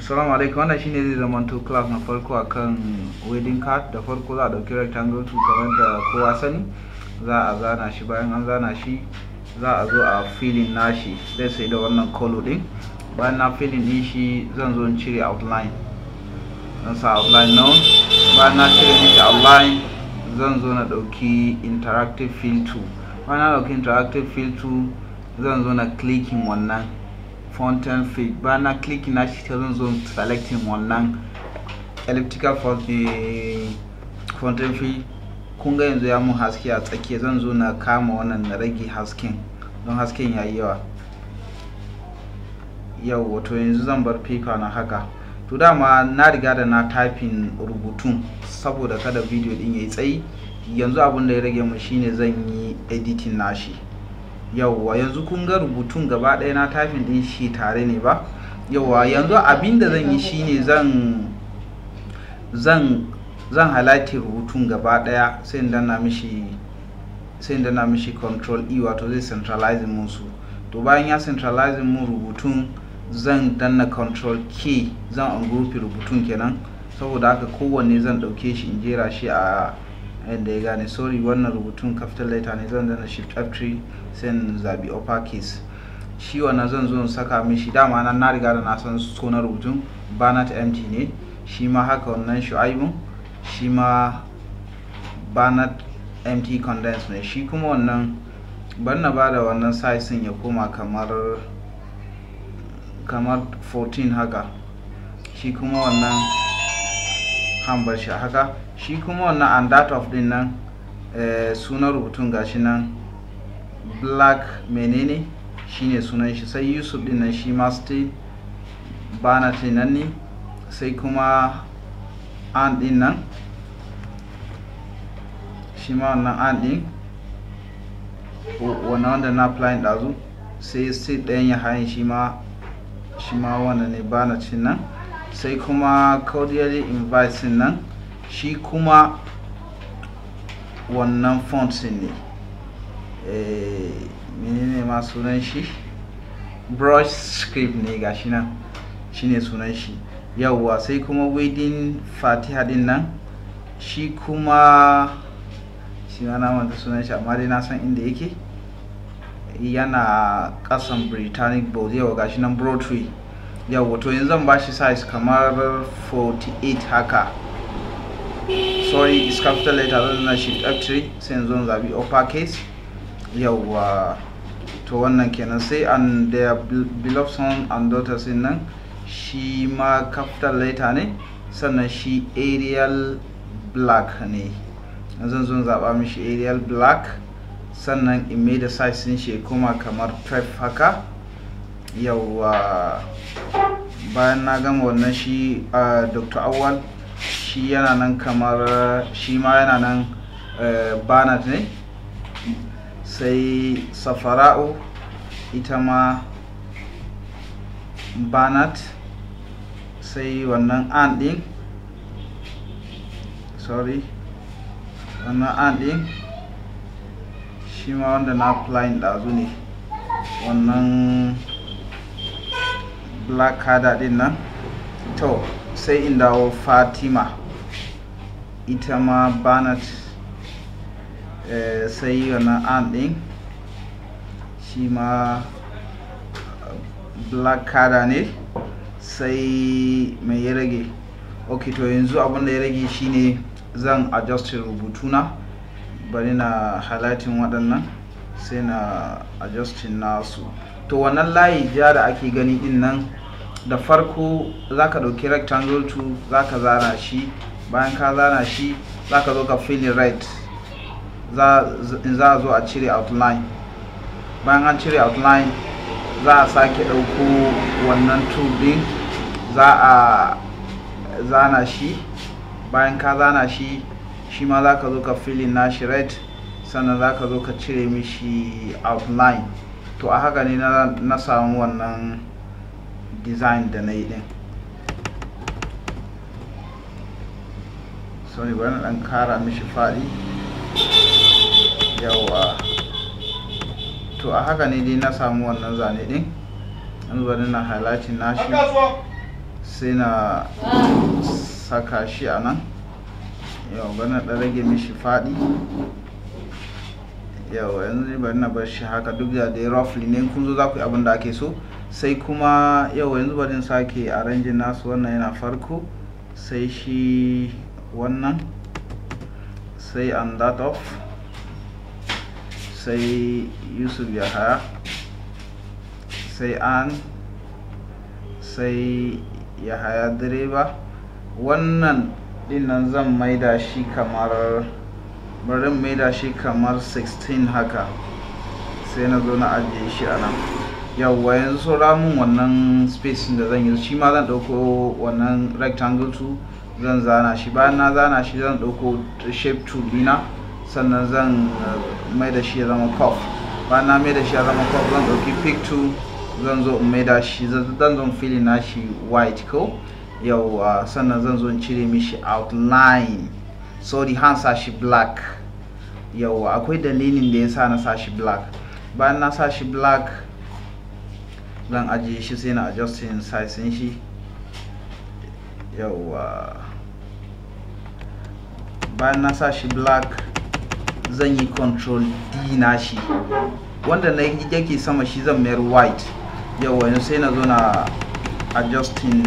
assalamu alaikum wannan shine zai zama to class na farko akan wedding card da farko za a dauki rectangle to kamar da kowa sani za a zana shi bayan an zana shi za a zo a filin nashi zai sai da wannan color din bayan na filin din shi zan zo in cire outline zan sa outline nan bayan na cire shi outline zan zo na dauki interactive fill tool bayan na dauki interactive fill tool zan zo na clicking wannan fountain feed bana click na shi zan zo selecting wannan elliptical for the fountain yanzu ya mun haske a tsakiya zan zo na kama wannan na rage hasken don hasken ya yi yawa yau wato yanzu zan bar paper na haka to dama na riga da na typing rubutun saboda kada video din ya yi tsayi yanzu abin da ya rage mu shine zan yi editing nashi yauwa yanzu kun ga rubutun gaba ɗaya na tafin din shi tare ne ba yauwa yanzu abin da zan yi shine zan zan zan rubutun gaba ɗaya sai in na mishi sai na mishi control e wato zai centralize mun su to bayan ya centralize mun rubutun zan danna control k zan ungroup rubutun kenan saboda haka kowanne zan ɗauke shi in jera shi a yadda ya gane sorry wannan rubutun capital letter ne zan zana shift f3 sai zabi upper case shi wannan zan zo saka mishi dama nan na riga da na san sunan rubutun banat mt ne shi ma haka wannan shu'aibu shi ma banat mt condense ne shi kuma wannan ban na ba da wannan size ya koma kamar kamar 14 haka shi kuma wannan hambar shi haka shi kuma wannan and that of din nan eh, sunan rubutun gashi nan black menene shine sunan shi sai yusuf din nan shi ma still bana nan ne sai kuma an din nan shi ma wannan an din wannan wanda na plan ɗazu sai sai ɗayan ya hayan shi ma shi ma wannan ne bana nan sai kuma cordially invite nan shi kuma wannan font ne eh, ne ma sunan shi brush script ne gashi nan shine sunan shi yauwa sai kuma wedding fatiha din nan shi kuma shi ma na manta sunan shi amma dai na san inda yake yana kasan britannic bowl yawa gashi nan broadway yau to yanzu zan bashi size kamar 48 haka sorry is capital letter zan na shift f3 sai yanzu zabi upper case yawwa to wannan kenan sai and their beloved son and daughters din nan shi ma capital letter ne sannan shi arial black ne yanzu zan zaba mishi arial black sannan in made the size din shi kuma kamar 12 haka yauwa bayan na gama wannan shi dr awal shi yana nan kamar shi ma yana nan e, banat ne sai safara'u ita ma banat sai wannan an din sorry wannan an din shi ma wanda na applying ɗazu ne wannan lakada din nan to sai in dawo fatima ita ma banat eh, sai wani an din shi ma eh, lakada ne sai mai ya rage ok to yanzu abin da ya rage shine zan adjust rubutuna bari na halatin waɗannan sai na adjustin nasu to wannan layi ja da ake gani din nan da farko za ka ɗauki rectangle 2 za ka zana shi bayan ka zana shi za ka zo ka in right za a zo a cire outline bayan an cire outline za a sake ɗauko wannan tool ɗin za a zana shi bayan ka zana shi shi ma za ka zo ka in nashi right sannan za ka zo ka cire mishi outline to a haka ne na samu wannan design da na yi din So, bari na dan kara mishi faɗi yawa to a haka ne dai na samu wannan zane din an bari na halacin nashi sai na saka shi a nan yau bari na rage mishi faɗi yau yanzu ne bari na bar shi haka duk da dai roughly ne kun zo za ku yi abin da ake so sai kuma yau yanzu bari na sake arrangin nasu wannan yana farko sai shi wannan sai and that of sai yusuf ya haya sai an sai ya haya direba wannan dinnan zan maida shi kamar bari mai da shi kamar 16 haka sai na zo na ajiye shi a nan yawwa yanzu saura min wannan space da zan yi shi ma zan ɗauko wannan rectangle 2 zan zana shi bayan na zana shi zan ɗauko shape 2 dina sannan zan uh, mai da shi ya zama cup bayan na mai da shi ya zama cup zan ɗauki pick 2 zan zo mai da shi zan zo filin na shi white ko yawwa sannan zan zo in cire mishi outline so the hand sashi black yawa akwai dalilin da ya sa na sashi black bayan na sashi black zan ajiye shi sai na adjusting size shi yawa bayan na sashi black zan yi control d na shi wanda na yake sama shi zan mayar white yawa yanzu sai na zo na adjusting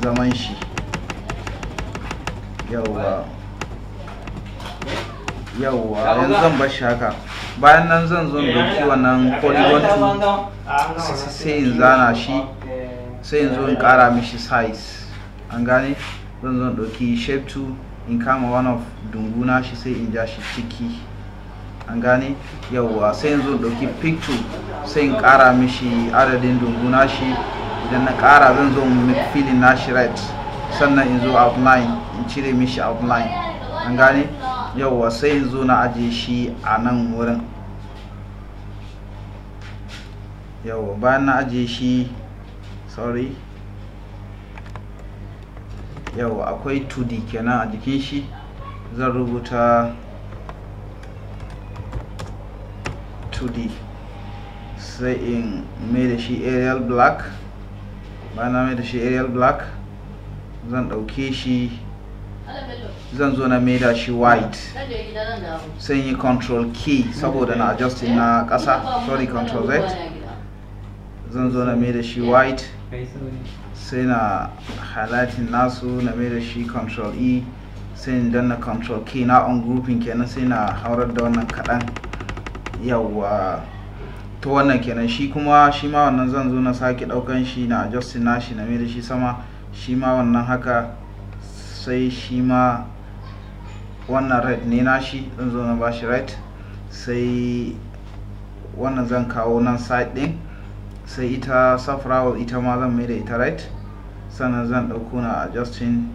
zaman shi yawa Yawwa yanzu zan bar shi haka bayan nan zan zo dauki wannan polygon 2 sai in zana shi sai in zo in kara mishi size an gane zan zo ɗauki shape 2 in kama one of dunguna shi sai in ja shi ciki an gane Yawwa sai in zo ɗauki dauki picture sai in kara mishi adadin dunguna shi idan na kara zan zo filin nashi right sannan in zo outline in cire mishi outline an gane yauwa sai zo na aje shi a nan wurin yauwa bayan na aje shi sorry yauwa akwai 2d kenan a jikin shi zan rubuta 2d sai in mai da shi aerial black bayan na mai da shi aerial black zan ɗauke shi zan zo na maida shi white sai yi control key saboda na adjusting na kasa eh, sorry control z zan zo na maida shi eh. white sai na highlighting nasu na maida shi control e sai na danna control key na on grouping kenan sai na haurar da wannan kaɗan yawwa to wannan kenan shi kuma shi ma wannan zan zo na sake ɗaukan shi na adjusting nashi na maida shi sama shi ma wannan haka sai shi ma wannan red ne na shi, zan zo na bashi red sai wannan zan kawo nan side ɗin. sai ita safrawal ita ma zan mai da ita red sannan zan ɗauko na adjusting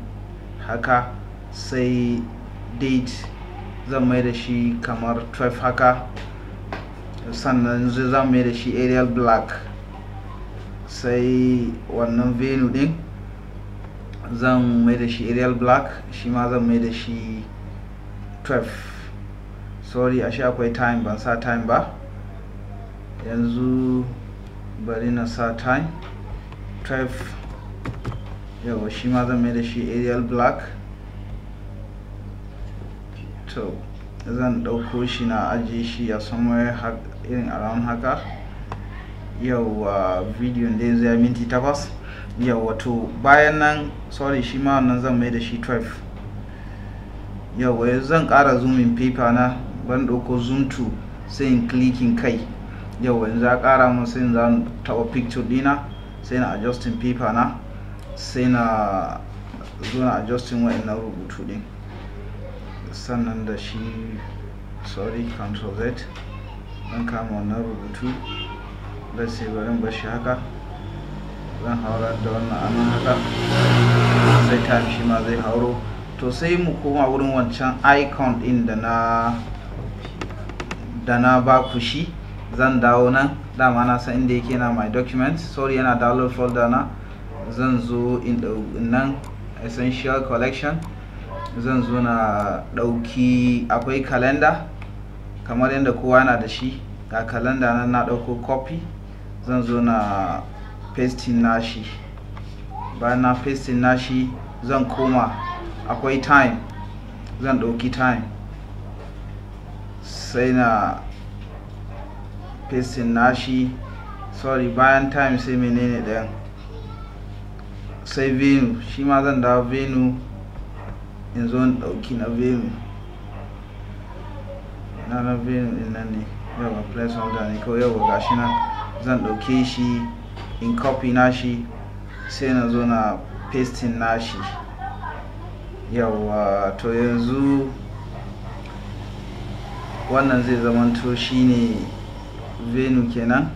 haka sai date zan mai da shi kamar 12 haka sannan zan mai da shi arial black sai wannan venue ɗin. zan mai da shi arial black shi ma zan mai da shi 12 sorry ashe akwai time ban sa time ba yanzu bari na sa time 12 yawa shi ma zan mai da shi arial black to zan ɗauko shi na ajiye shi a somewhere irin around haka yawa uh, bidiyon dai zai minti 8 ya wato bayan nan sorry shi ma wannan zan mai da shi 12 yau yanzu zan kara zoomin paper na ban dauko zoom to sai in clicking kai yau yanzu ya kara mun sai in zan taba picture dina sai na adjusting paper na sai na zo na adjusting wa'annan rubutu din sannan da shi sorry control z dan kama wannan rubutu da sai bari bashi haka zan haurar da wannan anan haka sai ta shi ma zai hauro to sai mu koma wurin wancan icon din da na da na ba ku shi zan dawo nan dama na san inda yake na my documents sorry yana download folder na zan zo in nan essential collection zan zo na ɗauki akwai kalanda. kamar yadda kowa na da shi ga kalanda nan na ɗauko copy zan zo na pasting nashi bayan na pasting nashi zan koma akwai time zan ɗauki time sai na pasting nashi sorry bayan time sai menene ɗayan sai venu shi ma zan dawo venu in zo in ɗauki na venu na na venu ɗin nan ne yawa place order ne kawai yawa gashi nan zan ɗauke shi in copy nashi sai na zo na pasting nashi yawa to yanzu wannan zai zamanto shine venu kenan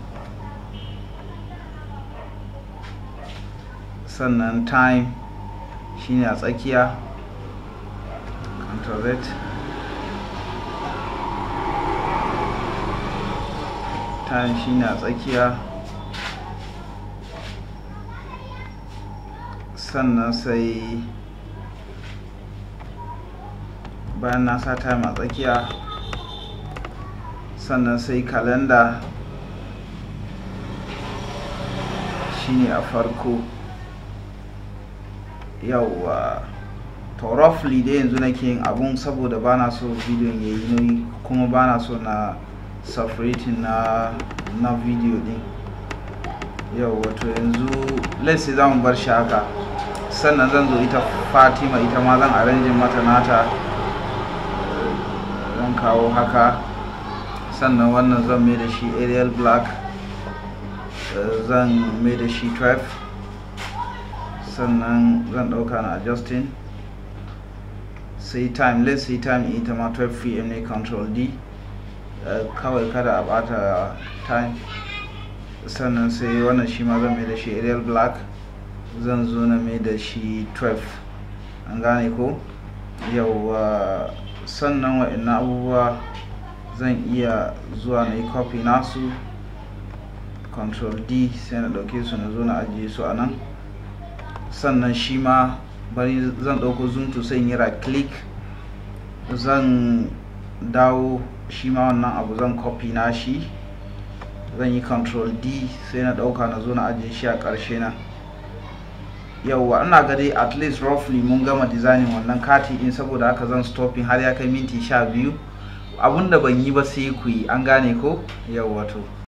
sannan time shine a tsakiya control time shine a tsakiya sannan sai bayan na sa time a tsakiya sannan sai kalanda shine a farko yawwa to roughly dai yanzu nake yin abun saboda ba na so bidiyon ya yi nauyi kuma ba na so na separating na na video din yau wato yanzu let's say za mu bar shi haka sannan zan zo ita fatima ita ma zan arranjin mata nata zan kawo haka sannan wannan zan mai da shi arial black zan mai da shi 12 sannan zan dauka na justin sai time let's say time ita ma 12 pm ne control d kawai kada a bata time sannan sai wannan shi ma zan mai da shi arial black zan zo na mai da shi 12 an gane ko yauwa sannan wa'annan abubuwa zan iya zuwa na yi copy nasu control d sai na ɗauke su na zo na ajiye su a nan sannan shi ma bari zan ɗauko zoom to sai yi right click zan dawo shi ma wannan abu zan copy na shi zan yi control d sai na ɗauka na zo na ajiye shi a ƙarshe na yauwa ina ga dai at least roughly mun gama designing wannan kati din saboda haka zan stopping har ya kai minti sha biyu abinda ban yi ba sai ku yi an gane ko yauwa to